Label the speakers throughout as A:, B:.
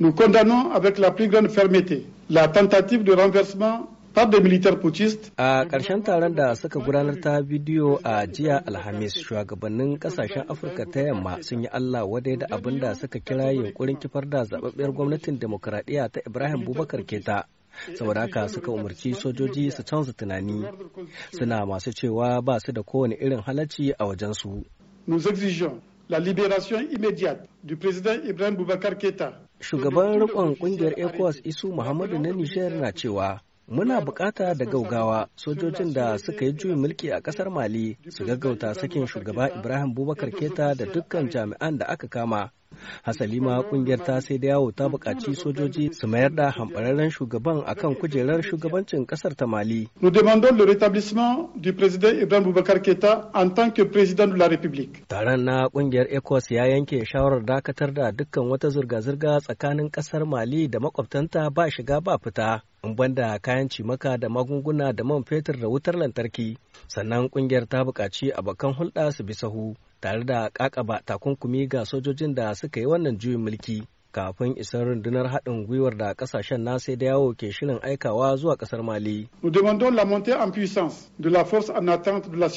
A: Nous condamnons avec la plus grande fermeté la tentative de renversement har militar
B: putschist. A ƙarshen taron da suka gudanar ta bidiyo a jiya Alhamis shugabannin ƙasashen Afirka ta yamma sun yi Allah wadai da abin da suka kira yunkurin kifar da zababbiyar gwamnatin demokuraɗiyya ta Ibrahim Bubakar Keta. saboda haka suka umarci sojoji su canza tunani suna masu cewa ba su da kowane irin halacci a wajensu. Nous exigeons la libération immédiate du président Ibrahim Boubacar Keta Shugaban rikon kungiyar ECOWAS Isu Muhammadu na nishiyar na cewa Muna bukata da gaugawa sojojin da suka yi juyin mulki a kasar Mali su gaggauta sakin shugaba Ibrahim Bubakar Keta da dukkan jami'an da aka kama hasali ma kungiyar ta sai da yawo ta bukaci sojoji su mayar da hambararren shugaban akan kujerar shugabancin kasar ta mali
A: nous demandons le rétablissement du président Ibrahim Boubacar keta en tant que président de la République
B: taron na kungiyar Ecos ya yanke shawarar dakatar da dukkan wata zirga-zirga tsakanin kasar mali da makwabtanta ba shiga ba fita in banda kayan cimaka da magunguna da man fetur da wutar lantarki sannan kungiyar ta buƙaci abokan hulɗa su bi sahu tare da kakaba takunkumi ga sojojin da suka yi wannan juyin mulki kafin isan rundunar haɗin gwiwar da ƙasashen na sai da yawo ke shirin aikawa zuwa ƙasar Mali. Nous demandons la montée en puissance de la force en attente de la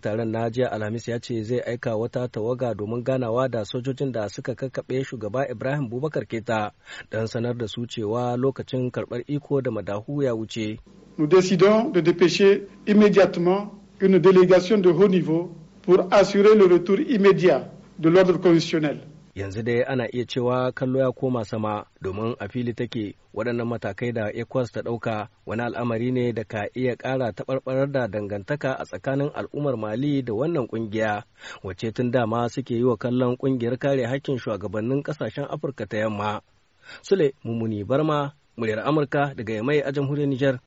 B: Taron na jiya Alhamis ya ce zai aika wata tawaga domin ganawa da sojojin da suka kakkaɓe shugaba Ibrahim Bubakar Keta don sanar da su cewa lokacin karɓar iko da madahu ya wuce. Nous décidons
A: de dépêcher immédiatement une délégation de haut niveau pour assurer le retour immédiat de l'ordre constitutionnel.
B: yanzu dai ana iya cewa kallo ya koma sama domin a fili take waɗannan matakai da ecowas ta ɗauka wani al'amari ne da ka iya ƙara taɓarɓarar da dangantaka a tsakanin al'ummar mali da wannan ƙungiya wacce tun dama suke yi wa kallon ƙungiyar kare hakkin shugabannin ƙasashen afirka ta yamma sule Mumuni barma muryar amurka daga yamai a jamhuriyar nijar